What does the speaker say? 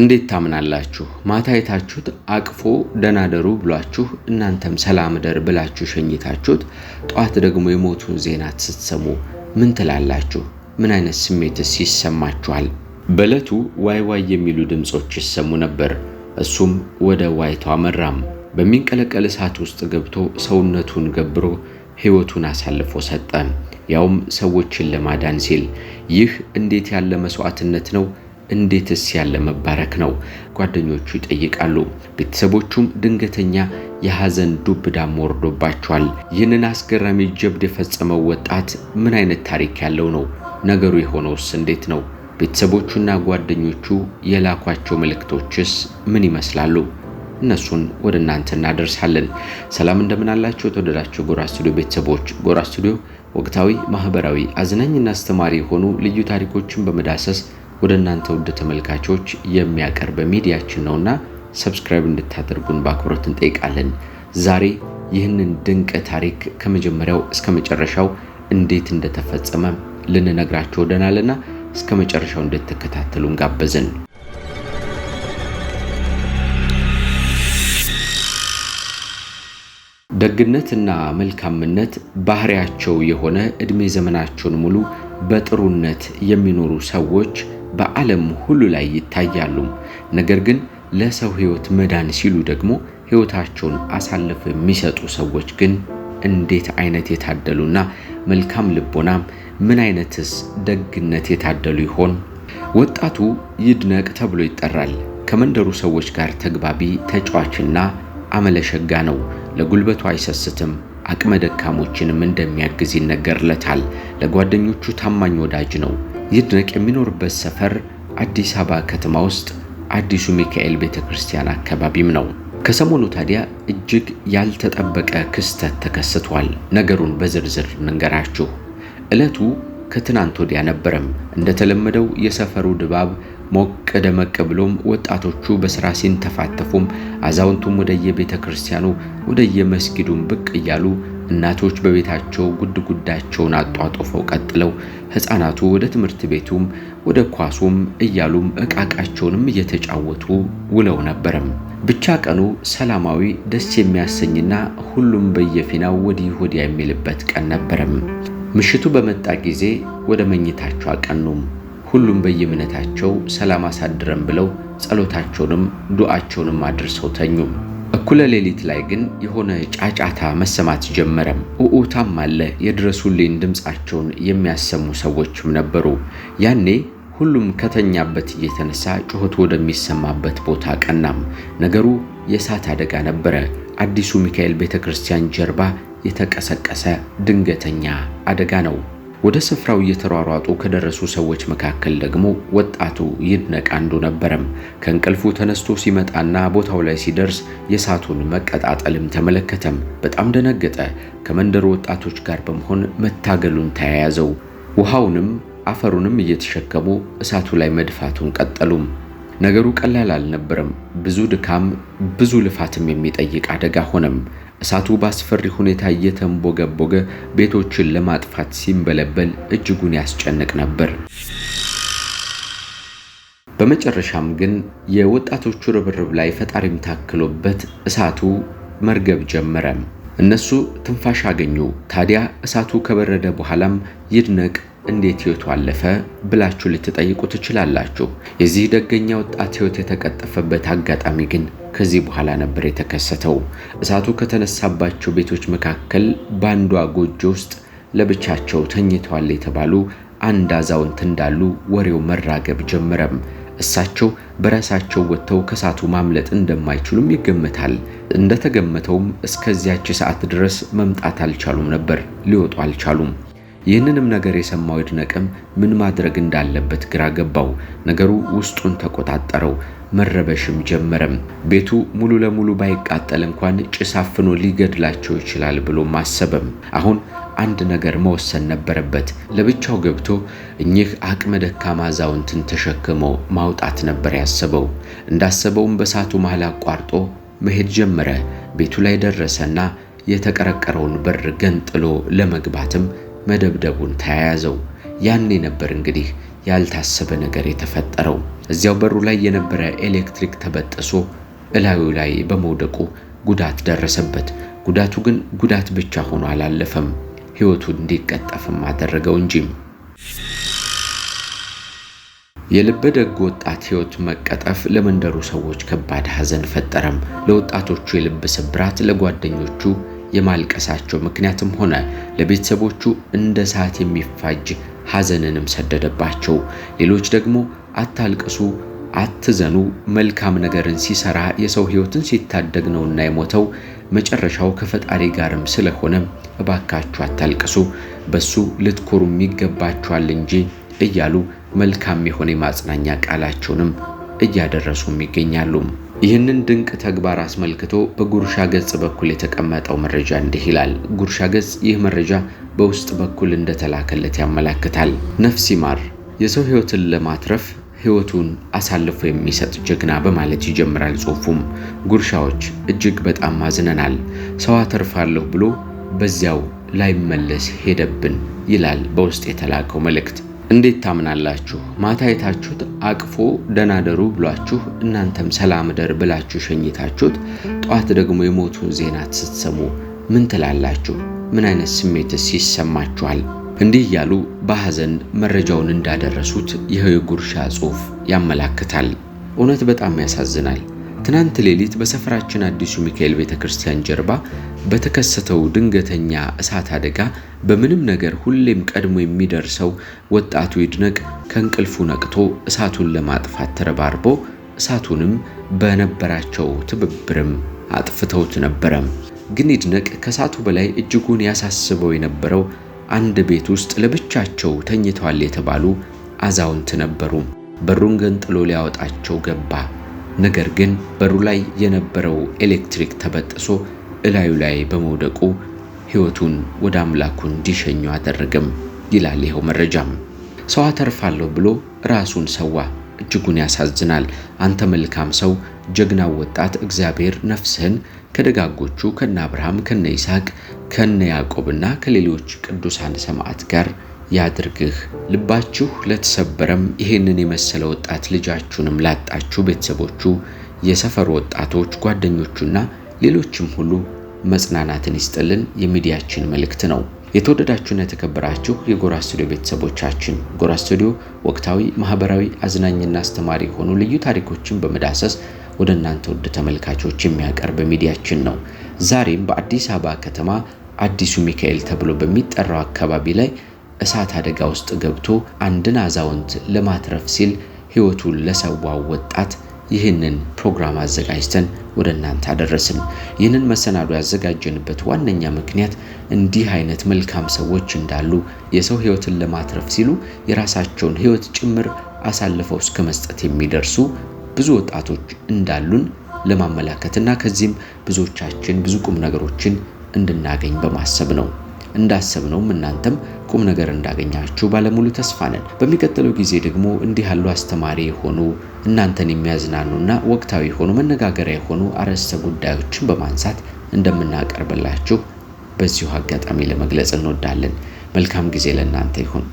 እንዴት ታምናላችሁ? ማታ አቅፎ ደናደሩ ብሏችሁ እናንተም ሰላም ደር ብላችሁ ሸኝታችሁት ጠዋት ደግሞ የሞቱን ዜናት ስትሰሙ ምን ትላላችሁ? ምን አይነት ስሜትስ ይሰማችኋል? በእለቱ ዋይ ዋይ የሚሉ ድምፆች ይሰሙ ነበር። እሱም ወደ ዋይታው አመራም። በሚንቀለቀል እሳት ውስጥ ገብቶ ሰውነቱን ገብሮ ሕይወቱን አሳልፎ ሰጠ፣ ያውም ሰዎችን ለማዳን ሲል። ይህ እንዴት ያለ መስዋዕትነት ነው! እንዴትስ ያለ መባረክ ነው? ጓደኞቹ ይጠይቃሉ። ቤተሰቦቹም ድንገተኛ የሐዘን ዱብ ዳም ወርዶባቸዋል። ይህንን አስገራሚ ጀብድ የፈጸመው ወጣት ምን አይነት ታሪክ ያለው ነው? ነገሩ የሆነውስ እንዴት ነው? ቤተሰቦቹና ጓደኞቹ የላኳቸው መልእክቶችስ ምን ይመስላሉ? እነሱን ወደ እናንተ እናደርሳለን። ሰላም እንደምናላቸው የተወደዳቸው ጎራ ስቱዲዮ ቤተሰቦች፣ ጎራ ስቱዲዮ ወቅታዊ፣ ማህበራዊ፣ አዝናኝና አስተማሪ የሆኑ ልዩ ታሪኮችን በመዳሰስ ወደ እናንተ ውድ ተመልካቾች የሚያቀርበ ሚዲያችን ነውና ሰብስክራይብ እንድታደርጉን በአክብሮት እንጠይቃለን። ዛሬ ይህንን ድንቅ ታሪክ ከመጀመሪያው እስከ መጨረሻው እንዴት እንደተፈጸመ ልንነግራችሁ ወደናልና እስከ መጨረሻው እንድትከታተሉን ጋበዝን። ደግነትና መልካምነት ባህሪያቸው የሆነ እድሜ ዘመናቸውን ሙሉ በጥሩነት የሚኖሩ ሰዎች በዓለም ሁሉ ላይ ይታያሉ። ነገር ግን ለሰው ሕይወት መዳን ሲሉ ደግሞ ሕይወታቸውን አሳልፈው የሚሰጡ ሰዎች ግን እንዴት አይነት የታደሉና መልካም ልቦናም ምን አይነትስ ደግነት የታደሉ ይሆን? ወጣቱ ይድነቅ ተብሎ ይጠራል። ከመንደሩ ሰዎች ጋር ተግባቢ ተጫዋችና አመለሸጋ ነው። ለጉልበቱ አይሰስትም። አቅመ ደካሞችንም እንደሚያግዝ ይነገርለታል። ለጓደኞቹ ታማኝ ወዳጅ ነው። ይድነቅ የሚኖርበት ሰፈር አዲስ አበባ ከተማ ውስጥ አዲሱ ሚካኤል ቤተ ክርስቲያን አካባቢም ነው። ከሰሞኑ ታዲያ እጅግ ያልተጠበቀ ክስተት ተከስቷል። ነገሩን በዝርዝር መንገራችሁ። ዕለቱ ከትናንት ወዲያ ነበረም። እንደተለመደው የሰፈሩ ድባብ ሞቅ ደመቅ ብሎም ወጣቶቹ በስራ ሲንተፋተፉም፣ አዛውንቱም ወደየቤተ ክርስቲያኑ ወደየመስጊዱም ብቅ እያሉ እናቶች በቤታቸው ጉድጉዳቸውን አጧጡፈው ቀጥለው ሕፃናቱ ወደ ትምህርት ቤቱም ወደ ኳሱም እያሉም እቃቃቸውንም እየተጫወቱ ውለው ነበርም። ብቻ ቀኑ ሰላማዊ ደስ የሚያሰኝና ሁሉም በየፊናው ወዲህ ወዲያ የሚልበት ቀን ነበርም። ምሽቱ በመጣ ጊዜ ወደ መኝታቸው አቀኑም። ሁሉም በየእምነታቸው ሰላም አሳድረን ብለው ጸሎታቸውንም ዱዓቸውንም አድርሰው ተኙም። እኩለ ሌሊት ላይ ግን የሆነ ጫጫታ መሰማት ጀመረም። ኡኡታም አለ። የድረሱልኝ ድምፃቸውን የሚያሰሙ ሰዎችም ነበሩ። ያኔ ሁሉም ከተኛበት እየተነሳ ጩኸት ወደሚሰማበት ቦታ ቀናም። ነገሩ የእሳት አደጋ ነበረ። አዲሱ ሚካኤል ቤተ ክርስቲያን ጀርባ የተቀሰቀሰ ድንገተኛ አደጋ ነው። ወደ ስፍራው እየተሯሯጡ ከደረሱ ሰዎች መካከል ደግሞ ወጣቱ ይድነቅ አንዱ ነበረም። ከእንቅልፉ ተነስቶ ሲመጣና ቦታው ላይ ሲደርስ የእሳቱን መቀጣጠልም ተመለከተም። በጣም ደነገጠ። ከመንደሩ ወጣቶች ጋር በመሆን መታገሉን ተያያዘው። ውሃውንም አፈሩንም እየተሸከሙ እሳቱ ላይ መድፋቱን ቀጠሉም። ነገሩ ቀላል አልነበረም። ብዙ ድካም፣ ብዙ ልፋትም የሚጠይቅ አደጋ ሆነም። እሳቱ በአስፈሪ ሁኔታ እየተንቦገቦገ ቤቶችን ለማጥፋት ሲንበለበል እጅጉን ያስጨንቅ ነበር። በመጨረሻም ግን የወጣቶቹ ርብርብ ላይ ፈጣሪም ታክሎበት እሳቱ መርገብ ጀመረ። እነሱ ትንፋሽ አገኙ። ታዲያ እሳቱ ከበረደ በኋላም ይድነቅ እንዴት ህይወቱ አለፈ ብላችሁ ልትጠይቁ ትችላላችሁ። የዚህ ደገኛ ወጣት ህይወት የተቀጠፈበት አጋጣሚ ግን ከዚህ በኋላ ነበር የተከሰተው። እሳቱ ከተነሳባቸው ቤቶች መካከል በአንዷ ጎጆ ውስጥ ለብቻቸው ተኝተዋል የተባሉ አንድ አዛውንት እንዳሉ ወሬው መራገብ ጀመረም። እሳቸው በራሳቸው ወጥተው ከእሳቱ ማምለጥ እንደማይችሉም ይገመታል። እንደተገመተውም እስከዚያች ሰዓት ድረስ መምጣት አልቻሉም ነበር፣ ሊወጡ አልቻሉም። ይህንንም ነገር የሰማው ይድነቅም ምን ማድረግ እንዳለበት ግራ ገባው። ነገሩ ውስጡን ተቆጣጠረው፣ መረበሽም ጀመረም። ቤቱ ሙሉ ለሙሉ ባይቃጠል እንኳን ጭስ አፍኖ ሊገድላቸው ይችላል ብሎ ማሰበም። አሁን አንድ ነገር መወሰን ነበረበት። ለብቻው ገብቶ እኚህ አቅመ ደካማ አዛውንትን ተሸክሞ ማውጣት ነበር ያሰበው። እንዳሰበውም በሳቱ መሃል አቋርጦ መሄድ ጀመረ። ቤቱ ላይ ደረሰና የተቀረቀረውን በር ገንጥሎ ለመግባትም መደብደቡን ተያያዘው። ያኔ ነበር እንግዲህ ያልታሰበ ነገር የተፈጠረው። እዚያው በሩ ላይ የነበረ ኤሌክትሪክ ተበጥሶ እላዩ ላይ በመውደቁ ጉዳት ደረሰበት። ጉዳቱ ግን ጉዳት ብቻ ሆኖ አላለፈም፣ ሕይወቱ እንዲቀጠፍም አደረገው እንጂ። የልበ ደግ ወጣት ሕይወት መቀጠፍ ለመንደሩ ሰዎች ከባድ ሐዘን ፈጠረም። ለወጣቶቹ የልብ ስብራት፣ ለጓደኞቹ የማልቀሳቸው ምክንያትም ሆነ ለቤተሰቦቹ እንደ ሰዓት የሚፋጅ ሐዘንንም ሰደደባቸው። ሌሎች ደግሞ አታልቅሱ፣ አትዘኑ፣ መልካም ነገርን ሲሰራ የሰው ሕይወትን ሲታደግ ነውና የሞተው መጨረሻው ከፈጣሪ ጋርም ስለሆነ እባካችሁ አታልቅሱ፣ በሱ ልትኮሩም ይገባችኋል እንጂ እያሉ መልካም የሆነ የማጽናኛ ቃላቸውንም እያደረሱም ይገኛሉ። ይህንን ድንቅ ተግባር አስመልክቶ በጉርሻ ገጽ በኩል የተቀመጠው መረጃ እንዲህ ይላል። ጉርሻ ገጽ ይህ መረጃ በውስጥ በኩል እንደተላከለት ያመላክታል። ነፍስ ይማር የሰው ህይወትን ለማትረፍ ህይወቱን አሳልፎ የሚሰጥ ጀግና በማለት ይጀምራል ጽሁፉም ጉርሻዎች እጅግ በጣም አዝነናል። ሰው አተርፋለሁ ብሎ በዚያው ላይመለስ ሄደብን ይላል በውስጥ የተላከው መልእክት። እንዴት ታምናላችሁ? ማታ የታችሁት አቅፎ ደናደሩ ብሏችሁ እናንተም ሰላም እደር ብላችሁ ሸኝታችሁት፣ ጠዋት ደግሞ የሞቱን ዜና ስትሰሙ ምን ትላላችሁ? ምን አይነት ስሜትስ ይሰማችኋል? እንዲህ እያሉ በሐዘን መረጃውን እንዳደረሱት ይኸው የጉርሻ ጽሑፍ ያመላክታል። እውነት በጣም ያሳዝናል። ትናንት ሌሊት በሰፈራችን አዲሱ ሚካኤል ቤተክርስቲያን ጀርባ በተከሰተው ድንገተኛ እሳት አደጋ በምንም ነገር ሁሌም ቀድሞ የሚደርሰው ወጣቱ ይድነቅ ከእንቅልፉ ነቅቶ እሳቱን ለማጥፋት ተረባርቦ እሳቱንም በነበራቸው ትብብርም አጥፍተውት ነበረም። ግን ይድነቅ ከእሳቱ በላይ እጅጉን ያሳስበው የነበረው አንድ ቤት ውስጥ ለብቻቸው ተኝተዋል የተባሉ አዛውንት ነበሩ። በሩን ገንጥሎ ሊያወጣቸው ገባ። ነገር ግን በሩ ላይ የነበረው ኤሌክትሪክ ተበጥሶ እላዩ ላይ በመውደቁ ሕይወቱን ወደ አምላኩ እንዲሸኙ አደረገም ይላል ይኸው መረጃም። ሰው አተርፋለሁ ብሎ ራሱን ሰዋ። እጅጉን ያሳዝናል። አንተ መልካም ሰው፣ ጀግናው ወጣት እግዚአብሔር ነፍስህን ከደጋጎቹ ከነ አብርሃም ከነ ይስሐቅ ከነ ያዕቆብና ከሌሎች ቅዱሳን ሰማዕት ጋር ያድርግህ። ልባችሁ ለተሰበረም ይህንን የመሰለ ወጣት ልጃችሁንም ላጣችሁ ቤተሰቦቹ፣ የሰፈር ወጣቶች፣ ጓደኞቹና ሌሎችም ሁሉ መጽናናትን ይስጥልን የሚዲያችን መልእክት ነው። የተወደዳችሁና የተከበራችሁ የጎራ ስቱዲዮ ቤተሰቦቻችን፣ ጎራ ስቱዲዮ ወቅታዊ፣ ማህበራዊ፣ አዝናኝና አስተማሪ የሆኑ ልዩ ታሪኮችን በመዳሰስ ወደ እናንተ ውድ ተመልካቾች የሚያቀርብ ሚዲያችን ነው። ዛሬም በአዲስ አበባ ከተማ አዲሱ ሚካኤል ተብሎ በሚጠራው አካባቢ ላይ እሳት አደጋ ውስጥ ገብቶ አንድን አዛውንት ለማትረፍ ሲል ሕይወቱን ለሰዋው ወጣት ይህንን ፕሮግራም አዘጋጅተን ወደ እናንተ አደረስን። ይህንን መሰናዶ ያዘጋጀንበት ዋነኛ ምክንያት እንዲህ አይነት መልካም ሰዎች እንዳሉ የሰው ሕይወትን ለማትረፍ ሲሉ የራሳቸውን ሕይወት ጭምር አሳልፈው እስከ መስጠት የሚደርሱ ብዙ ወጣቶች እንዳሉን ለማመላከትና ከዚህም ብዙዎቻችን ብዙ ቁም ነገሮችን እንድናገኝ በማሰብ ነው። እንዳሰብነውም እናንተም ቁም ነገር እንዳገኛችሁ ባለሙሉ ተስፋ ነን። በሚቀጥለው ጊዜ ደግሞ እንዲህ ያሉ አስተማሪ የሆኑ እናንተን የሚያዝናኑና ወቅታዊ የሆኑ መነጋገሪያ የሆኑ አርዕስተ ጉዳዮችን በማንሳት እንደምናቀርብላችሁ በዚሁ አጋጣሚ ለመግለጽ እንወዳለን። መልካም ጊዜ ለእናንተ ይሁን።